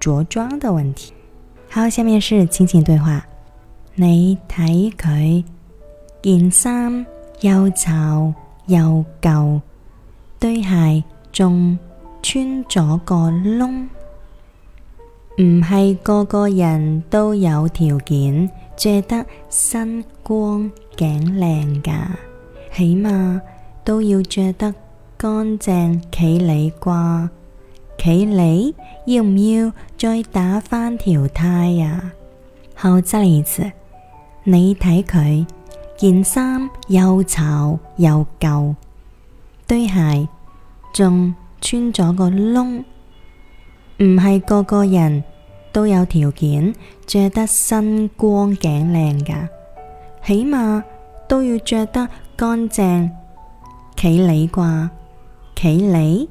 着裝的問題，好，下面是情景對話。你睇佢件衫又巢又舊，對鞋仲穿咗個窿，唔係個個人都有條件着得身光頸靚噶，起碼都要着得乾淨企理啩。.企理，要唔要再打翻條呔啊？後生子，你睇佢件衫又巢又舊，對鞋仲穿咗個窿，唔係個個人都有條件着得身光頸靚噶，起碼都要着得乾淨，企理啩，企理。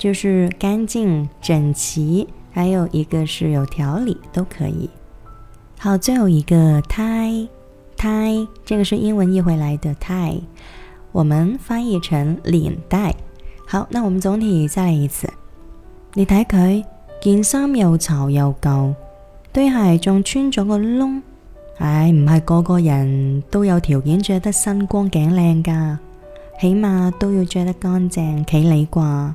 就是乾淨整齊，還有一個是有條理都可以。好，最後一個 tie tie 這個是英文譯回來的 tie，我們翻譯成領帶。好，那我們總體再來一次。你睇佢件衫又巢又舊，對鞋仲穿咗個窿。唉、哎，唔係個個人都有條件着得身光頸靚噶，起碼都要着得乾淨企理啩。